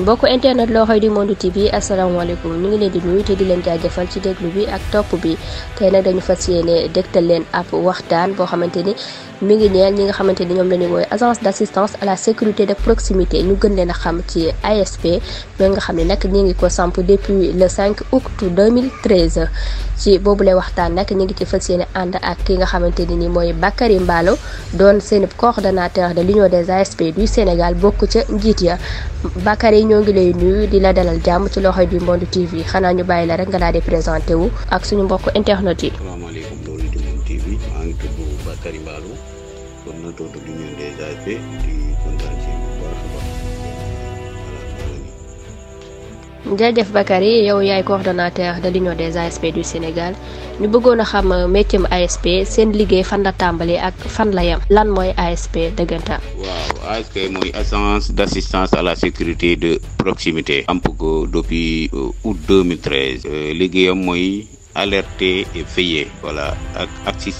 mbokk internet di du monde tv asalaamaaleykum ñu ngi leen di nuyu te di leen jaajëfal ci déglu bi ak topp bi tey nag dañu fas yéene dégtal leen ab waxtaan boo xamante ni mi ngi ñeel ñi nga xamante ni ñoom la ñu woowe agence d' assistance à la sécurité de proximité ñu gën leen a xam ci ISP mais nga xam ne nag ñi ngi ko samp depuis le 5 août 2013 ci boobule waxtaan nag ñi ngi ci fas yéene ànd ak ki nga xamante ni ni mooy Bakary Mballo doon seen coordonnateur de l' union des ASP du Sénégal bokk ca njiit ya Bakary ñoo ngi lay nuyu di la dalal jàmm ci loxoy du Monde TV xanaa ñu bàyyi la rek nga daal di présenté wu ak suñu mbokk internet yi. asalaamaaleykum loolu du Monde TV maa ngi tudd Bakary Mballo kon natoo de l'union des ASC di kontaan ci bu baax a baax jaajëf Bakary yow yaay coordonnateur de l'union des ASP du Sénégal ñu bëggoon a xam métier ASP seen liggéey fan la tàmbali ak fan la yem lan mooy ASP dëggantaan. waaw ASP mooy agence d'assistance à la sécurité de proximité. am ko depuis euh, août 2013. liggéeyam mooy alerter et veiller voilà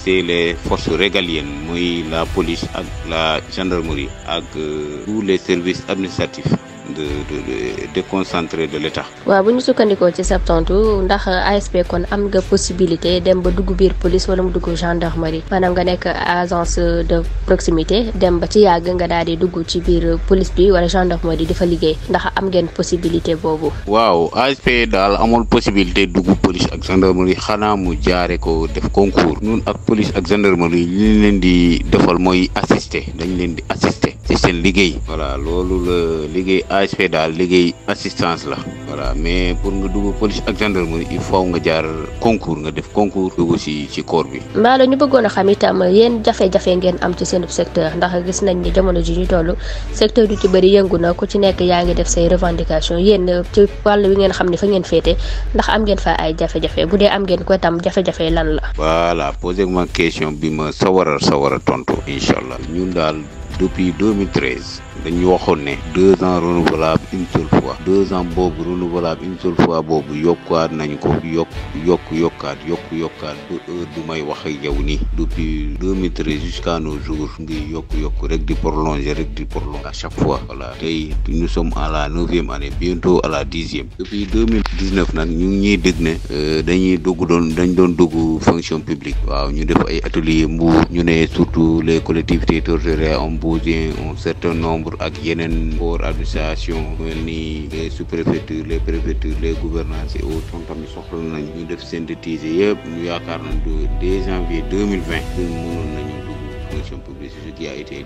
les forces régaliennes la police la gendarmerie euh, tous les services administratifs de déconcentré de, de, l'État. waaw ba ñu sukkandikoo ci sab tontu ndax ASP kon am nga possibilité dem ba dugg biir police wala mu dugg gendarmerie maanaam nga nekk agence de proximité dem ba ci yàgg nga daal di dugg ci biir police bi wala gendarmerie di fa liggéey ndax am ngeen possibilité boobu. waaw ASP daal amul possibilité dugg police ak gendarmerie xanaa mu jaare ko def concours. ñun ak police ak gendarmerie li leen di defal mooy assister dañ leen di assister. c'est seen liggéey. voilà loolu la liggéey ASP daal liggéey assistance la. voilà mais pour nga dugg police ak gendarmerie il faut nga jaar concours nga def concours dugg ci ci corps bi. Mballo ñu bëggoon a xam itam yéen jafe ngeen am ci seen secteur ndax gis nañ ni jamono ji ñu toll secteur du ci bëri yëngu na ku ci nekk yaa ngi def say revendication yéen ci wàll wi ngeen xam ne fa ngeen féete ndax am ngeen fa ay jafe-jafe bu dee am ngeen ko tam jafe-jafe lan la. voilà posé ma question bi ma sawar a sawar a tontu incha allah ñun daal depuis 2013 dañu waxone ne deux ans renouvelable une seule fois deux ans bob renouvelable une seule fois bob. yokkat nañ ko yok yok yokkat yok yokkat heure du may wax yow ni depuis 2013 jusqu'à nos jours ngi yok yok rek di prolonger rek di prolonger à chaque fois voilà tey nous sommes à la 9 neuvième année bientôt à la 10 dixième depuis 2019 nak ñu ñi ñuy dégg ne euh, dañuy dugg doon dañ doon dugg fonction publique waaw ñu def ay atelier Mbour ñu ne surtout les collectivités territoriales Mbodjeen un certain nombre ak yenen corps administration ni les sous-préfectures les préfectures les gouvernances et autres ñoom tamit soxla nañ ñu def synthétiser yépp ñu yaakaar na de 2 janvier 2020. ñu vingt mënoon nañu dugg fonction publique ce qui a été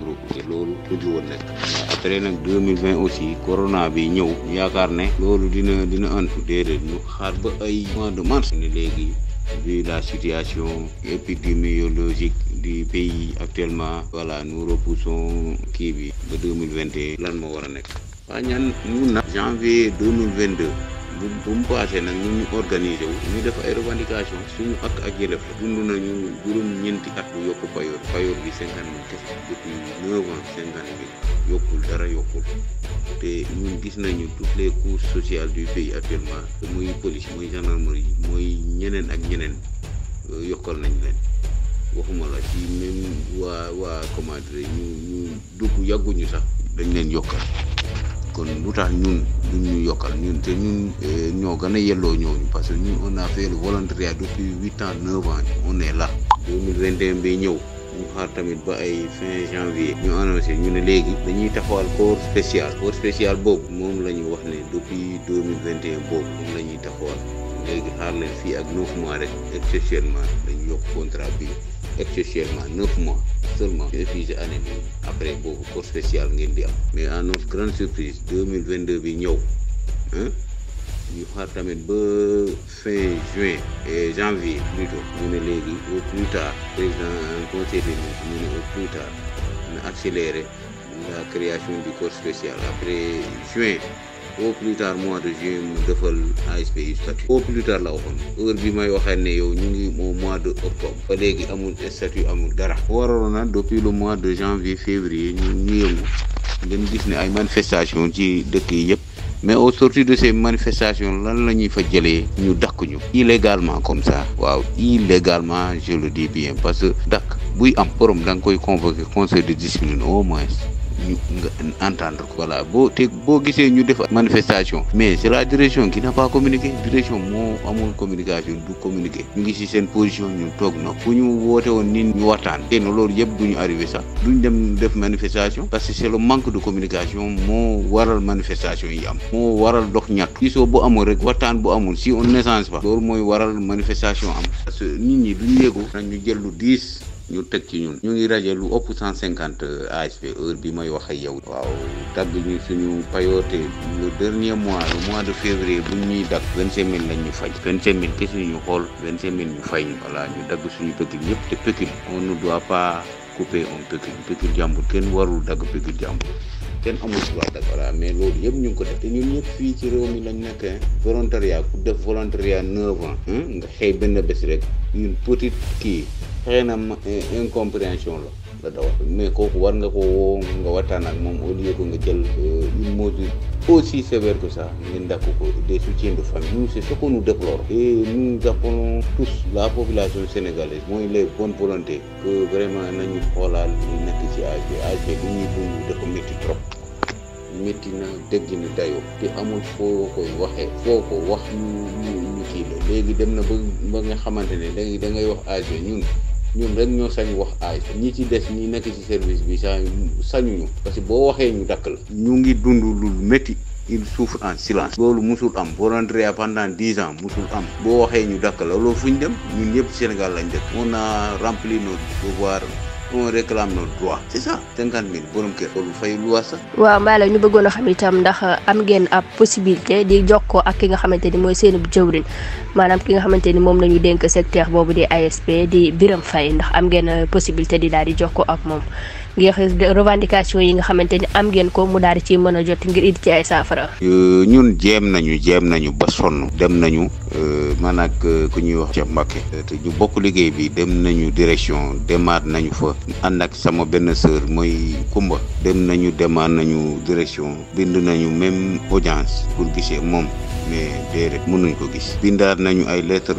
loolu tuuti woon nag après nag 2020 aussi corona bi ñëw ñu yaakaar ne loolu dina dina un déedéet ñu xaar ba ay mois de mars ne léegi Vu la situation épidémiologique du pays actuellement, voilà, nous repoussons Kibi de 2021. L'année Janvier 2022. bu bu mu passé nag ñun ñu organisé ñu def ay revendication suñu ak ak yëlëf dund nañu juróom ñeenti at bu yokku payoor bi cinquante mille kese depuis neuf ans cinquante mille yokkul dara yokkul te ñun gis nañu toutes les couches sociales du pays actuellement muy police muy gendarmerie mooy ñeneen ak ñeneen euh, yokkal nañ leen waxuma la ci même waa waa comment dire ñu ñu dugg yàgguñu sax dañ leen yokkal kon lu tax ñun duñ ñu yokkal ñun te ñun eh, ñoo gën a yelloo ñooñu parce que ñun on a fait le volontariat depuis huit ans neuf ans on est là. deux ñëw ñu xaar tamit ba ay fin janvier. ñu annoncé ñu ne léegi. dañuy taxawal corps spécial. corps spécial boobu moom la ñu wax ne depuis deux mille vingt et boobu moom la ñuy taxawal léegi xaar leen fii ak neuf mois rek dañu yokk contrat bi. exceptionnellement neuf mois seulement et puis j'ai année après le cours spécial mais à notre grande surprise 2022 bi ñëw hein ñu fin juin et janvier plutôt Nous ne léegi au plus tard président conseil des ministres au plus tard accélérer la création du corps spécial après juin au plus tard mois de juin de defal ASPI statut au plus tard la waxoon heure bi may waxee ne yow ñu ngi au mois de octobre ba léegi amul statut amul dara waroon na depuis le mois de janvier février ñu ñu yëngu ngeen gis ne ay manifestation ci dëkk yi yëpp mais au sorti de ces manifestations lan la ñuy fa jëlee ñu dakk illégalement comme ça waaw illégalement je le dis bien parce que dakk buy am borom da nga koy convoquer conseil de discipline au moins ñu nga entendre ko voilà boo teg boo gisee ñu def manifestation mais c'est la direction ki n'a pas communiqué direction moo amul communication du communiqué ñu ngi si seen position ñun toog na fu ñu woote woon nit ñu waxtaan tey na loolu yëpp ñu arrivé sax duñ dem def manifestation parce que c'est le manque de communication moo waral manifestation yi am moo waral dox ñattu gisoo bu amul rek waxtaan bu amul si on n'échange pas loolu mooy waral manifestation am parce que nit ñi duñ yéegu nag ñu jël lu diis ñu teg ci ñun ñu ngi rajo lu ëpp cent cinquante ASP heure bi may wax ak yow. waaw tàgg ñu suñu payoote le dernier mois le mois de février bu ñuy dagg vingt cinq mille lañ ñu fay vingt cinq mille kese ñu xool vingt cinq mille ñu fay ñu voilà ñu dagg suñu pécule yëpp te pécule on du doit pas couper un pécule pécule jàmbur kenn warul dagg pécule jàmbur kenn amul droit dagg voilà mais loolu yëpp ñu ngi ko def te ñun ñëpp fii ci réew mi lañ nekk volontariat ku def volontariat neuf ans nga xëy benn kii xëy na eh, incompréhension la la da mais kooku war nga ko woo nga waxtaan ak moom au lieu que nga jël euh, une mesure aussi sévère que ça ngeen dàkk ko des soutiens de famille nous c'est ce que nous déplorons et nous appelons tous la population sénégalaise mooy les bonnes volontés que vraiment nañu xoolaal ñu nekk ci âge bi âge bi ñuy dund dafa métti trop métti na dégg ni dayo te amul foo koy waxee foo ko wax ñu ñu ñu kii la léegi dem na ba ba nga xamante ne léegi da ngay wax âge ñun ñoom rek ñoo sañ wax aay ñi ci des ñi nekk ci service bi sañu parce que boo waxee ñu dakk la ñu ngi dund lu métti il souffre en silence loolu mosul am volontariat pendant dix ans musul am boo waxee ñu dakk la loolu fu ñu dem ñun yëpp Sénégal lañ dëkk on a rempli nos devoirs pour réclame le droit c'est ça tengan min borom ker lolou fay loi ça ah. wa mbala ñu bëggono xam itam ndax ah, am ngeen ab possibilité di jokko ak ki nga xamanteni moy seenu jeewrin manam ki nga xamanteni mom lañu denk secteur bobu di ASP di biram fay ndax am ngeen possibilité di daal di jokko ak mom ngir revendication yi nga xamante ni am ngeen ko mu daal di ci mën a jot ngir indi ci ay saafara. Euh, ñun jéem nañu jéem nañu ba sonn dem nañu euh, man ak euh, ku ñuy wax ca Mbacke te ñu bokk liggéey bi dem nañu direction demaat nañu fa ànd ak sama benn sœur mooy Kumba dem nañu demaat nañu direction bind nañu même audience pour gisee moom. mais déedéet mënuñ ko gis bindaat nañu ay lettre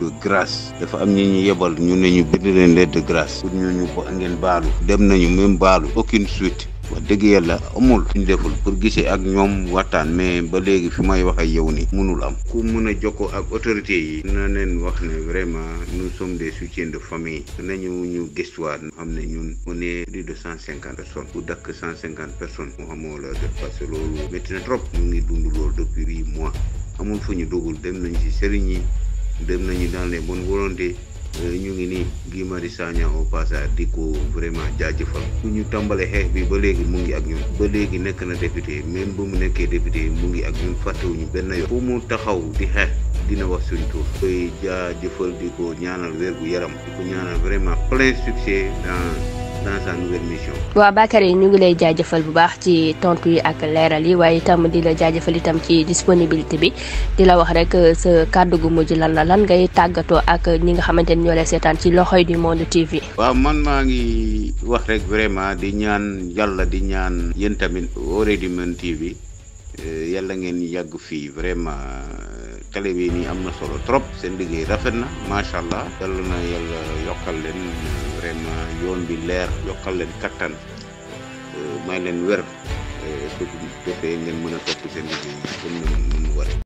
de grâce dafa am ñi ñu yebal ñu ne ñu bind leen lettre de grâce pour ñu ñu ba ngeen baalu dem nañu même baalu aucune suite waa dëgg yàlla amul suñ deful pour gisee ak ñoom waxtaan mais ba léegi fi may wax ak yow ni mënul am ku mun a jokkoo ak autorité yi na leen wax ne vraiment nous sommes de soutiens de famille nañu ñu gëstuwaat xam ne ñun on est plus de cent cinquante personnes ku dakk cent cinquante personne mu xamoo la def parce que loolu métti na trop mu ngi dund loolu depuis huit mois amul fu ñu dugul dem nañ ci sëriñ yi dem nañu dans les bonnes volontés ñu ngi ni oh, eh, gi ma di saña au passage di ko vraiment jajeufal ñu tambalé xex bi ba légui mu ngi ak ñun ba légui nek na député même bu mu nekké député mu ngi ak ñun faté wuñu ben yo mu taxaw di xex dina wax suñu tour koy jajeufal di ko ñaanal wergu yaram di ñaanal vraiment plein succès dans Sansan Nouvelle Mission. Waa Bakar ñu ngi lay jaajëfal bu baax ci tontu yi ak leeral yi waaye itam di la jaajëfal itam ci disponibilité bi di la wax rek sa kàddu gu mujj lan la lan ngay tàggatoo ak ñi nga xamante ne ñoo ci loxoy di Monde TV. Waaw man maa ngi wax rek vraiment di ñaan yàlla di ñaan yéen tamit wóore di Monde TV eh, yàlla ngeen yàgg fii vraiment tele bi nii am na solo trop seen liggéey rafet na macha na yàlla yokkal leen eh, vraiment yoon bi leer yokkal leen kattan euh, may leen wér euh, bu ngeen mën a topp seen liggéey comme ni mu waree